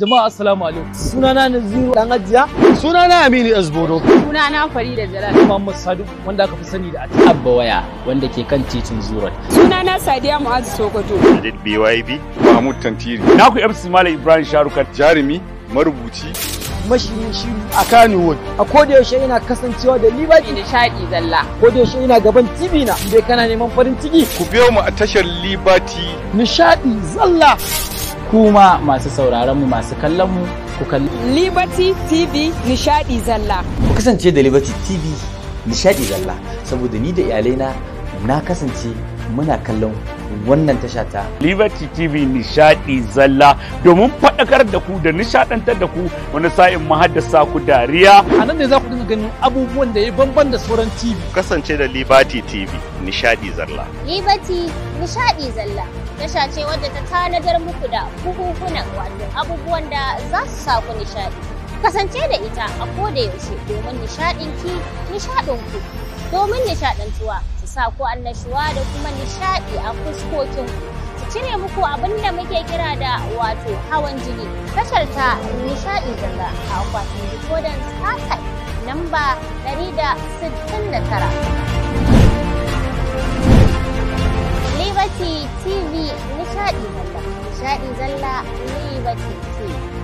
Jama'a assalamu alaikum. Sunana Naziru Dan Ajiya. Sunana Aminu Azboro. Sunana Farida Jalal. Muhammad Sadu wanda aka fi sani da Ati Abba Waya wanda ke kan titin Zuru. Sunana Sadiya Mu'azu Sokoto. Adid BYB. Mahmud Tantiri. Na ku MC Malam Ibrahim Sharukat. Jarumi marubuci. Mashirin shiru a kano Wood. A kodayaushe ina kasancewa da Liberty Nishaɗi Zalla. Kodayaushe ina gaban TV na. Idan kana neman farin ciki. Ku biyo mu a tashar Liberty. Nishaɗi Zalla. kuma masu sauraron mu masu kallon mu ku kalli Liberty TV nishadi zalla ku kasance da Liberty TV nishadi zalla saboda ni da iyalaina na kasance muna kallon wannan tasha ta Liberty TV nishadi zalla domin faɗakar da ku da nishadantar da ku wani sa'in mu haddasa ku dariya a nan ne za ku dinga ganin abubuwan da ya bamban da sauran TV kasance da Liberty TV nishadi zalla Liberty nishadi zalla tasha ce wadda ta tanadar muku da bukukunan wato abubuwan da za su sa ku nishaɗi. Kasance da ita a ko da yaushe domin nishaɗin ki ku. Domin nishaɗantuwa su sa ku annashuwa da kuma nishaɗi a fuskokin Su cire muku abin da muke kira da wato hawan jini. Tashar ta nishaɗi daga akwatin jikodan sittin Namba 169. isha'i zalla ni ba ce